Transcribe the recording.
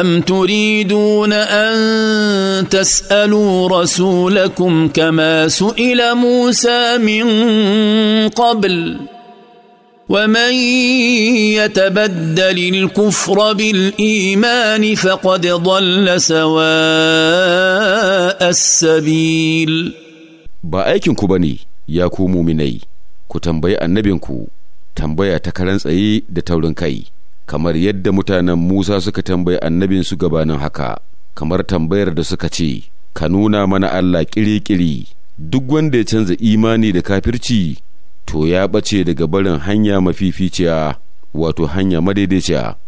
أم تريدون أن تسألوا رسولكم كما سئل موسى من قبل ومن يتبدل الكفر بالإيمان فقد ضل سواء السبيل ba aikinku ba ne ya ku muminai ku tambayi annabinku tambaya ta karan tsaye da taurin kai kamar yadda mutanen Musa suka tambayi annabin su gabanin haka kamar tambayar da suka ce ka nuna mana Allah kirikiri duk wanda ya canza imani da kafirci to ya ɓace daga barin hanya mafificiya wato hanya madaidaiciya